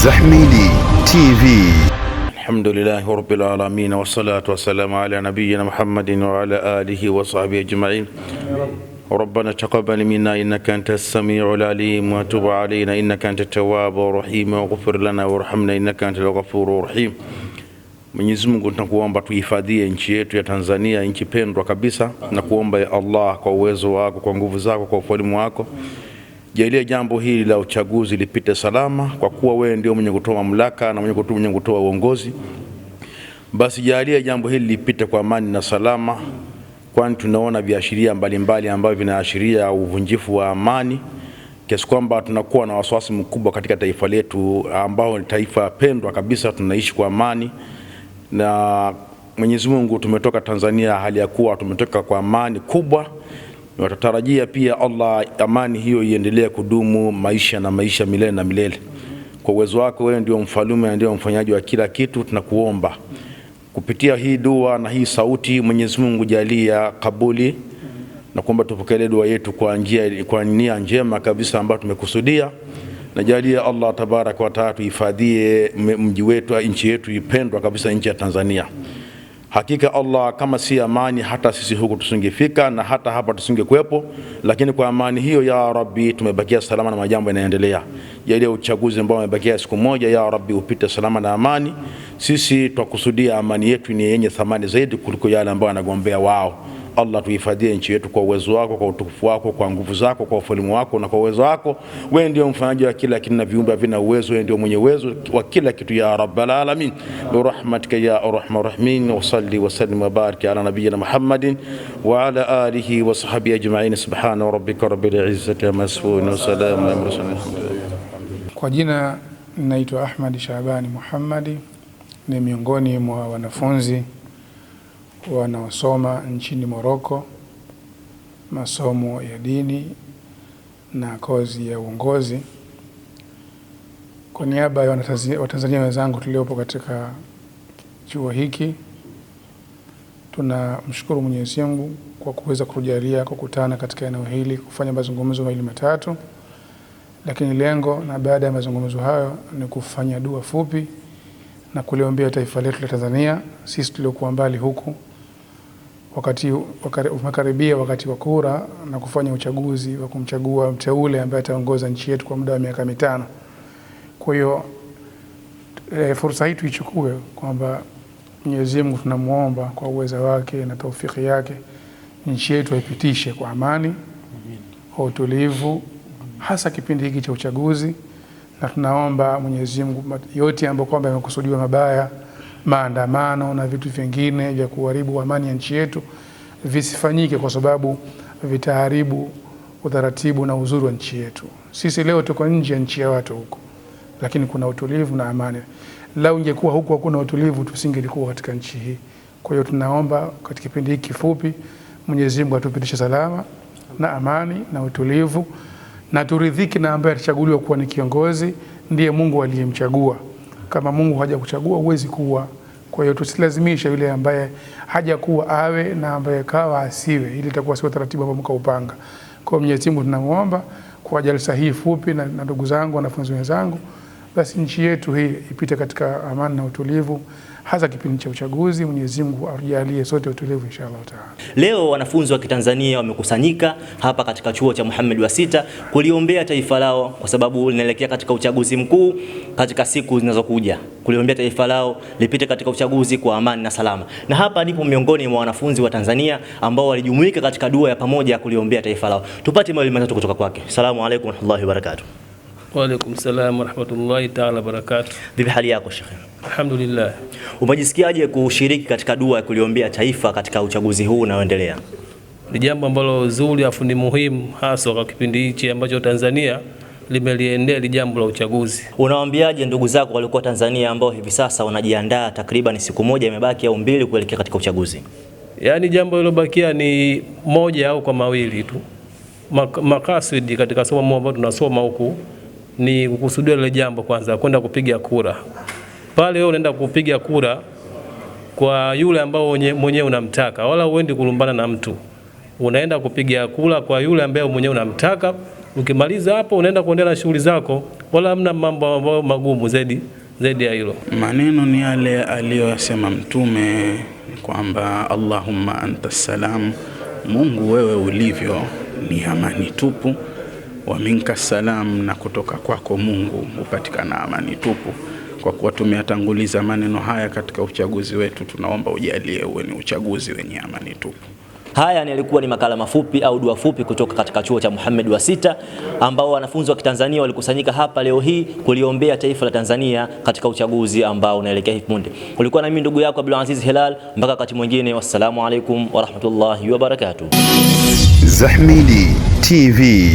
Zahmidi TV. Alhamdulillahi rabbil alamin wassalatu wassalamu ala nabiyyina Muhammadin wa ala alihi wa sahbihi ajma'in. Rabbana taqabbal minna innaka antas samiul alim wa tub alayna innaka antat tawwabur rahim waghfir lana warhamna innaka antal ghafurur rahim. Mwenyezi Mungu tunakuomba tuhifadhie nchi yetu ya Tanzania, nchi pendwa kabisa, na kuomba ya Allah kwa uwezo wako, kwa nguvu zako, kwa ufalme wako Jalia jambo hili la uchaguzi lipite salama, kwa kuwa wewe ndio mwenye kutoa mamlaka na mwenye kutoa uongozi. Basi jalia jambo hili lipite kwa amani na salama, kwani tunaona viashiria mbalimbali ambavyo vinaashiria uvunjifu wa amani kiasi kwamba tunakuwa na wasiwasi mkubwa katika taifa letu, ambao ni taifa pendwa kabisa, tunaishi kwa amani na Mwenyezi Mungu. Tumetoka Tanzania hali ya kuwa tumetoka kwa amani kubwa watatarajia pia Allah, amani hiyo iendelee kudumu maisha na maisha, milele na milele. Kwa uwezo wako wewe ndio mfalume na ndio mfanyaji wa kila kitu, tunakuomba kupitia hii dua na hii sauti, Mwenyezi Mungu jalia kabuli na kuomba tupokelee dua yetu kwa njia, kwa nia njema kabisa ambayo tumekusudia, na Allah tabaraka wa taala tuhifadhie mji wetu, nchi yetu ipendwa kabisa, nchi ya Tanzania. Hakika Allah kama si amani, hata sisi huku tusingefika na hata hapa tusingekuwepo, lakini kwa amani hiyo ya Rabbi tumebakia salama na majambo yanaendelea. Jalia uchaguzi ambao umebakia siku moja, ya Rabbi upite salama na amani. Sisi twakusudia amani yetu ni yenye thamani zaidi kuliko yale ambayo anagombea wao. Allah, tuhifadhie nchi yetu kwa uwezo wako, kwa utukufu wako, kwa nguvu zako, kwa ufalme wako na kwa uwezo wako. Wewe ndio mfanyaji wa kila kitu na viumbe vina uwezo, wewe ndio mwenye uwezo wa kila kitu, ya rabbal alamin, rahmatika ya arhamar rahimin. sallim wa barik ala nabiyyina Muhammadin wa ala alihi wa sahbihi ajma'in. Subhana rabbika rabbil izzati amma yasifun wa salamun alal mursalin. Kwa jina naitwa Ahmad Shabani Muhammadi, ni miongoni mwa wanafunzi wanaosoma nchini Moroko masomo ya dini na kozi ya uongozi. Kwa niaba ya Watanzania wenzangu tuliopo katika chuo hiki, tunamshukuru Mwenyezi Mungu kwa kuweza kutujalia kukutana katika eneo hili kufanya mazungumzo mawili matatu, lakini lengo na baada ya mazungumzo hayo ni kufanya dua fupi na kuliombea taifa letu la Tanzania, sisi tuliokuwa mbali huku wakati umekaribia wakati wa kura na kufanya uchaguzi wa kumchagua mteule ambaye ataongoza nchi yetu kwa muda wa miaka mitano. Kwa hiyo e, fursa hii tuichukue kwamba Mwenyezi Mungu tunamwomba kwa uweza wake na taufiki yake nchi yetu aipitishe kwa amani, kwa utulivu, hasa kipindi hiki cha uchaguzi, na tunaomba Mwenyezi Mungu yote ambayo kwamba yamekusudiwa mabaya maandamano na vitu vingine vya kuharibu amani ya nchi yetu visifanyike, kwa sababu vitaharibu utaratibu na uzuri wa nchi yetu. Sisi leo tuko nje ya nchi ya watu huko, lakini kuna utulivu na amani. Lau ingekuwa huko hakuna utulivu, tusingelikuwa katika nchi hii. Kwa hiyo tunaomba katika kipindi hiki kifupi, Mwenyezi Mungu atupitishe salama na amani na utulivu, na turidhiki na ambaye atachaguliwa kuwa ni kiongozi, ndiye Mungu aliyemchagua. Kama Mungu hajakuchagua huwezi kuwa. Kwa hiyo tusilazimisha yule ambaye hajakuwa awe na ambaye kawa asiwe, ili itakuwa sio taratibu ambayo mkaupanga. Kwa hiyo Mwenyezi Mungu tunamuomba kwa jalsa hii fupi na ndugu zangu wanafunzi wenzangu basi nchi yetu hii ipite katika amani na utulivu, hasa kipindi cha uchaguzi. Mwenyezi Mungu ajalie sote utulivu inshallah taala. Leo wanafunzi wa Kitanzania wamekusanyika hapa katika chuo cha Muhammad wa sita kuliombea taifa lao, kwa sababu linaelekea katika uchaguzi mkuu katika siku zinazokuja, kuliombea taifa lao lipite katika uchaguzi kwa amani na salama. Na hapa ndipo miongoni mwa wanafunzi wa Tanzania ambao walijumuika katika dua ya pamoja ya kuliombea taifa lao. Tupate maelezo matatu kutoka kwake. Asalamu alaykum warahmatullahi wabarakatuh. Waalaikum salam warahmatullahi taala wabarakatuh. Vipi hali yako shekhe? Alhamdulillah. Umejisikiaje kushiriki katika dua ya kuliombea taifa katika uchaguzi huu unaoendelea? Ni jambo ambalo zuri afu ni muhimu haswa kwa kipindi hichi ambacho Tanzania limeliendea li jambo la uchaguzi. Unawaambiaje ndugu zako walikuwa Tanzania ambao hivi sasa wanajiandaa, takriban siku moja imebaki au mbili kuelekea katika uchaguzi? Yaani jambo lilobakia ni moja au kwa mawili tu, makasudi katika somo ambalo tunasoma huku ni kukusudia lile jambo kwanza, kwenda kupiga kura. Pale wewe unaenda kupiga kura kwa yule ambao mwenyewe unamtaka, wala uendi kulumbana na mtu. Unaenda kupiga kura kwa yule ambaye mwenyewe unamtaka. Ukimaliza hapo, unaenda kuendelea na shughuli zako, wala hamna mambo ambayo magumu zaidi zaidi ya hilo. Maneno ni yale aliyoyasema Mtume kwamba Allahumma anta salam, Mungu wewe ulivyo ni amani tupu wa minka salam, na kutoka kwako Mungu hupatikana amani tupu. Kwa kuwa tumeyatanguliza maneno haya katika uchaguzi wetu, tunaomba ujalie uwe ni uchaguzi wenye amani tupu. Haya yalikuwa ni makala mafupi au dua fupi kutoka katika chuo cha Muhammad wa sita, ambao wanafunzi wa Kitanzania walikusanyika hapa leo hii kuliombea taifa la Tanzania katika uchaguzi ambao unaelekea hivi punde. Ulikuwa na mimi ndugu yako Abdul Aziz Hilal, mpaka wakati mwingine, wassalamu alaikum warahmatullahi wabarakatuh. Zahmidi TV.